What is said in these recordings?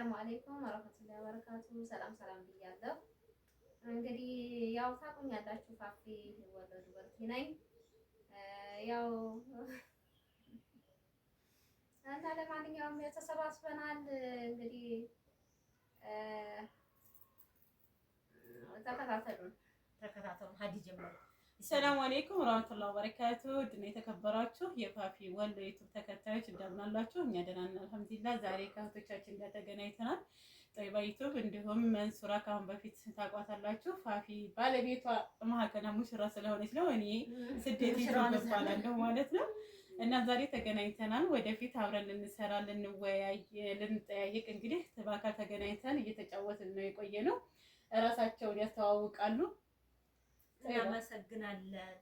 ሰላሙ አለይኩም ወረህመቱላሂ ወበረካቱ። ሰላም ሰላም ብያለሁ። እንግዲህ ያው ያላችሁ ፋፊ ወለዱ ወርኪ ነኝ። ያው እና ለማንኛውም ተሰባስበናል። እንግዲህ ተከታተሉን ተከታተሉን ሀዲ ጀመሩ ሰላም አሌይኩም ወራህመቱላሂ ወበረካቱ ድና የተከበራችሁ የፋፊ ወሎ ዩቱብ ተከታዮች እንደምናላችሁ፣ እኛ ደህና ነን አልሐምዱሊላህ። ዛሬ ከእህቶቻችን ጋር ተገናኝተናል። ጠይባ ዩቱብ እንዲሁም መንሱራ ከአሁን በፊት ታውቋታላችሁ። ፋፊ ባለቤቷ ማህከና ሙሽራ ስለሆነች ነው እኔ ስደት ይባላለሁ ማለት ነው። እና ዛሬ ተገናኝተናል። ወደፊት አብረን ልንሰራ፣ ልንወያይ፣ ልንጠያየቅ እንግዲህ በአካል ተገናኝተን እየተጫወትን ነው የቆየ ነው። እራሳቸውን ያስተዋውቃሉ እናመሰግናለን።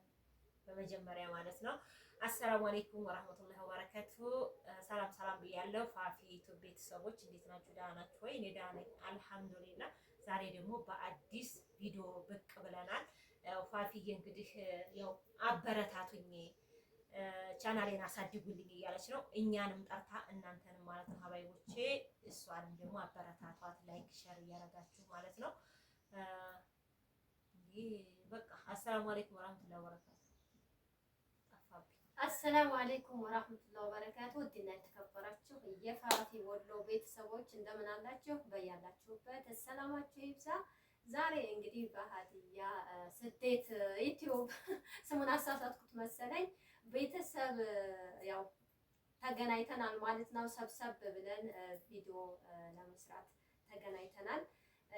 በመጀመሪያ ማለት ነው። አሰላሙ አሌይኩም ወራህመቱላሂ ወበረከቱ። ሰላም ሰላም ብያለሁ። ፋፊ ዩቱብ ቤተሰቦች እንዴት ናችሁ? ደህና ናችሁ ወይ? እኔ ደህና ነኝ ዛሬ ደግሞ በአዲስ ቪዲዮ ብቅ ብለናል። ፋፊዬ እንግዲህ ያው አበረታቱኝ፣ ቻናሌን አሳድጉልኝ እያለች ነው እኛንም ጠርታ እናንተንም ማለት ነው ሀባይቦቼ። እሷንም ደግሞ አበረታቷት፣ ላይክ ሸር እያረጋችሁ ማለት ነው። በቃ አሰላሙ አለይኩም ወራህመቱላሂ ወበረካቱ። አሰላሙ አለይኩም ወራህመቱላሂ ወበረካቱ። ውድና የተከበራችሁ የፋፊ ወሎ ቤተሰቦች እንደምን አላችሁ? በያላችሁበት ሰላማችሁ ይብዛ። ዛሬ እንግዲህ በሀዲያ ስደት ዩቲዩብ ስሙን አሳሳትኩት መሰለኝ። ቤተሰብ ያው ተገናኝተናል ማለት ነው። ሰብሰብ ብለን ቪዲዮ ለመስራት ተገናኝተናል።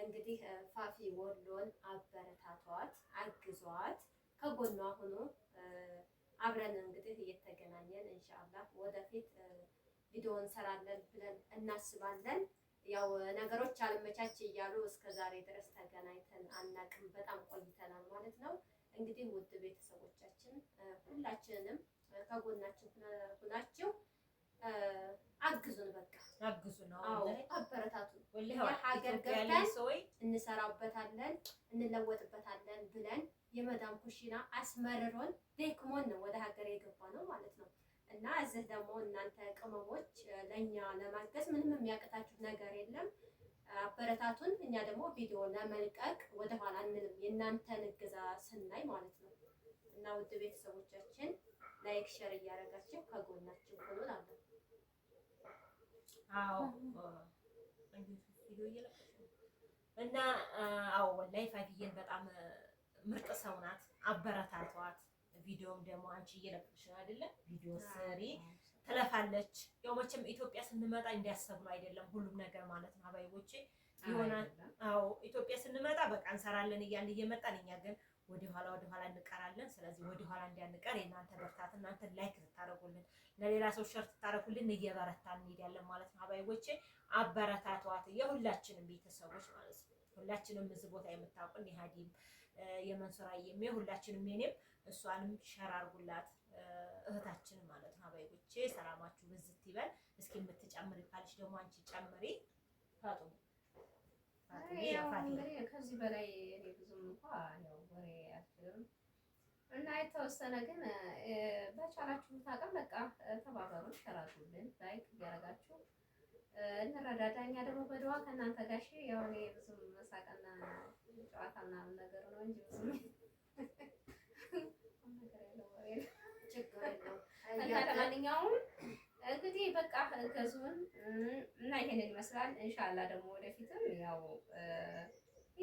እንግዲህ ፋፊ ወሎን አበረታቷት፣ አግዟት፣ ከጎኗ ሆኖ አብረን እንግዲህ እየተገናኘን ኢንሻአላህ ወደፊት ቪዲዮ እንሰራለን ብለን እናስባለን። ያው ነገሮች አልመቻች እያሉ እስከ ዛሬ ድረስ ተገናኝተን አናቅም በጣም ቆይተናል ማለት ነው። እንግዲህ ውድ ቤተሰቦቻችን ሁላችንንም ከጎናችን ሁናችሁ አግዙን፣ በቃ አግዙን። አዎ አበረታቱን። ሀገር ገብተን እንሰራበታለን፣ እንለወጥበታለን ብለን የመዳም ኩሽና አስመርሮን ደክሞን ነው ወደ ሀገር የገባ ነው ማለት ነው። እና እዚህ ደግሞ እናንተ ቅመሞች ለእኛ ለማገዝ ምንም የሚያቅታችሁ ነገር የለም። አበረታቱን። እኛ ደግሞ ቪዲዮ ለመልቀቅ ወደኋላ እንልም፣ የእናንተን እገዛ ስናይ ማለት ነው። እና ውድ ቤተሰቦቻችን ላይክ፣ ሸር እያደረጋችሁ ከጎናችን ሆኖ እና አዎ ወላሂ ፋይፍዬን በጣም ምርጥ ሰው ናት። አበረታቷት። ቪዲዮም ደግሞ አንቺ እየለቅሽ አይደለ? ቪዲዮ ስሪ ትለፋለች። ያው መቼም ኢትዮጵያ ስንመጣ እንዲያሰብ ነው አይደለም ሁሉም ነገር ማለት ነው። አባይቦቼ ይሆናል። አዎ ኢትዮጵያ ስንመጣ በቃ እንሰራለን እያልን እየመጣን እኛ ግን ወደኋላ ወደኋላ እንቀራለን። ስለዚህ ወደኋላ እንዲያንቀር የእናንተ በርታት፣ እናንተ ላይክ ትታረጉልን፣ ለሌላ ሰው ሸር ትታረጉልን፣ እየበረታ እንሄዳለን ማለት ነው። አባይቦቼ አበረታቷት፣ የሁላችንም ቤተሰቦች ማለት ነው። ሁላችንም እዚህ ቦታ የምታውቁን የሀዲም የመንሱራዬም የሁላችንም የኔም እሷንም ሸር አርጉላት እህታችን ማለት ነው። አባይቦቼ ሰላማችሁ ብዝት ይበል። እስኪ የምትጨምሪ ካልሽ ደግሞ አንቺ ጨምሪ ፋጡ ከዚህ በላይ ብዙም እንኳ እና የተወሰነ ግን በቻላችሁት አቅም በቃ ተባበሩን፣ ተራዱልን፣ ላይክ እያደረጋችሁ እንረዳዳ። እኛ ደግሞ በድዋ ከእናንተ ጋር እሺ። ያው እኔ ብዙም መሳቅና ጨዋታ ምናምን ነገሩ ነው እንጂ ብዙም እና ለማንኛውም እንግዲህ በቃ ገዙን እና ይሄንን ይመስላል። እንሻላ ደግሞ ወደፊትም ያው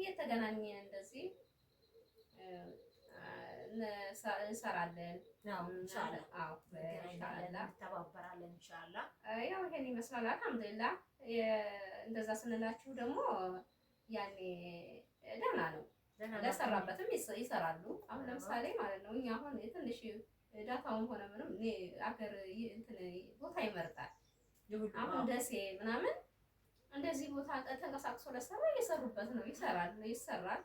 እየተገናኘን እንደዚህ እንሰራለን። እንተባበራለን። እንሻላ ያው ይሄን ይመስላል። አልሐምዱሊላ እንደዛ ስንላችሁ ደግሞ ያኔ ደህና ነው። ለሰራበትም ይሰራሉ። አሁን ለምሳሌ ማለት ነው እኛ አሁን ትንሽ ዳታውን ሆነ ምንም አገር ቦታ ይመርጣል። አሁን ደሴ ምናምን ተንቀሳቅሶ ለሰራ እየሰሩበት ነው፣ ይሰራል፣ ይሰራል።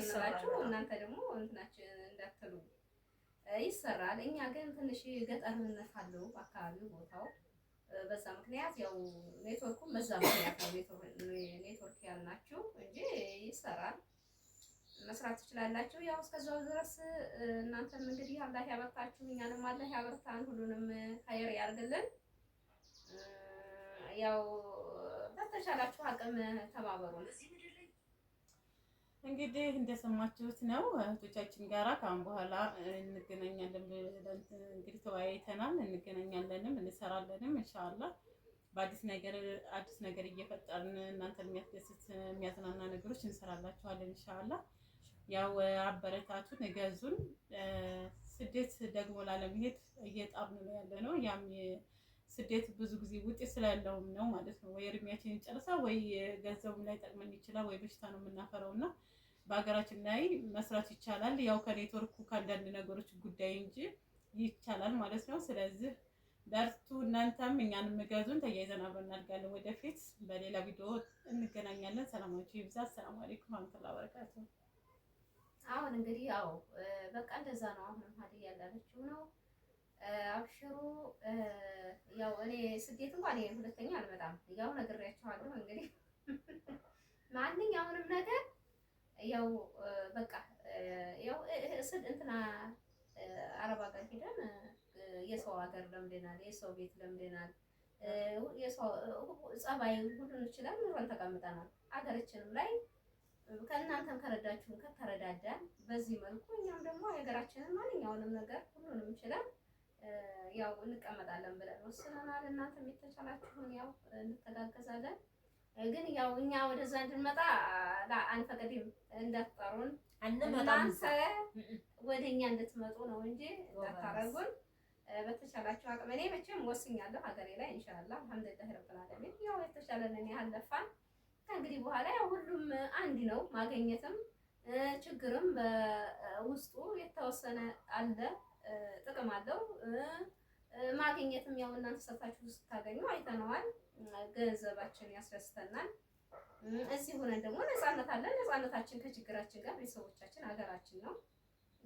ይሰራችሁ እናንተ ደግሞ እንትናችን እንዳትሉ ይሰራል። እኛ ግን ትንሽ ገጠርነት አለው አካባቢው ቦታው በዛ ምክንያት ያው ኔትወርኩም በዛ ምክንያት ነው ኔትወርክ ያልናችሁ እንጂ ይሰራል፣ መስራት ትችላላችሁ። ያው እስከዛው ድረስ እናንተም እንግዲህ አላህ ያበርታችሁ፣ እኛንም አላህ ያበርታን፣ ሁሉንም ሀይር ያርግልን። ያው በተሻላችሁ አቅም ተባበሩ። እንግዲህ እንደሰማችሁት ነው። እህቶቻችን ጋራ ከአሁን በኋላ እንገናኛለን ብለን እንግዲህ ተወያይተናል። እንገናኛለንም እንሰራለንም እንሻላ በአዲስ ነገር አዲስ ነገር እየፈጠርን እናንተ የሚያስደስት የሚያዝናና ነገሮች እንሰራላችኋለን እንሻላ። ያው አበረታቱን፣ እገዙን። ስደት ደግሞ ላለመሄድ እየጣርን ነው ያለ ነው ያም ስደት ብዙ ጊዜ ውጤት ስላለውም ነው ማለት ነው። ወይ እድሜያችን ይጨርሳል፣ ወይ ገንዘቡ ላይ ጠቅመን ይችላል፣ ወይ በሽታ ነው የምናፈረው እና በሀገራችን ላይ መስራት ይቻላል። ያው ከኔትወርኩ ከአንዳንድ ነገሮች ጉዳይ እንጂ ይቻላል ማለት ነው። ስለዚህ በርቱ እናንተም እኛን ምገዙን፣ ተያይዘን አብረን እናድጋለን። ወደፊት በሌላ ቪዲዮ እንገናኛለን። ሰላማችሁ ይብዛ። አሰላሙ አለይኩም ረመቱላ በረካቱ። አሁን እንግዲህ ያው በቃ እንደዛ ነው። አሁንም ሀዲ ያላለችው ነው አብሽሩ እኔ ስደት እንኳን ይሄ ሁለተኛ አልመጣም። ያው ነግሬያቸዋለሁ። እንግዲህ ማንኛውንም ነገር ያው በቃ ያው ስድ እንትና አረብ ሀገር ሄደን የሰው ሀገር ለምደናል፣ የሰው ቤት ለምደናል፣ የሰው ጸባይ ሁሉን ይችላል። ኑሮን ተቀምጠናል። ሀገራችንም ላይ ከእናንተም ከረዳችሁን ከተረዳዳን በዚህ መልኩ እኛም ደግሞ ሀገራችንን ማንኛውንም ነገር ሁሉንም ይችላል ያው እንቀመጣለን ብለን ወስነናል። እናንተም የተቻላችሁን ያው እንተጋገዛለን። ግን ያው እኛ ወደዛ እንድንመጣ አንፈቅድም። እንዳትጠሩን እናንተ ወደ እኛ እንድትመጡ ነው እንጂ እንዳታረጉን። በተቻላችሁ አቅም እኔ መቼም ወስኛለሁ ሀገሬ ላይ እንሻላ አልሐምዱሊላህ ረብል ዓለሚን። ያው የተሻለንን ያህል ለፋን። ከእንግዲህ በኋላ ያው ሁሉም አንድ ነው። ማገኘትም ችግርም በውስጡ የተወሰነ አለ ጥቅም አለው። ማግኘትም ያው እናንተ ሰርታችሁ ስታገኙ አይተነዋል። ገንዘባችን ያስደስተናል። እዚህ ሆነን ደግሞ ነፃነት አለን። ነፃነታችን ከችግራችን ጋር ቤተሰቦቻችን፣ ሀገራችን ነው።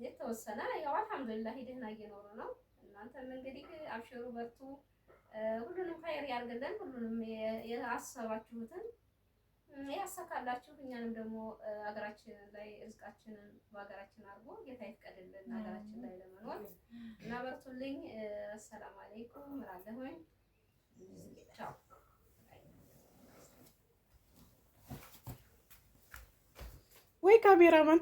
የተወሰነ ያው አልሐምዱሊላህ ደህና እየኖሩ ነው። እናንተም እንግዲህ አብሽሩ፣ በርቱ። ሁሉንም ኸይር ያርግልን። ሁሉንም ያሰባችሁትን ያሳካላችሁ እኛንም ደግሞ ሀገራችን ላይ እርዝቃችንን በሀገራችን አድርጎ ጌታ ይፍቀድልን። ሀገራችን ላይ ለመኖር እና በርቱልኝ። አሌይኩም አለይኩም እላለሁኝ። ቻው ወይ ካሜራማን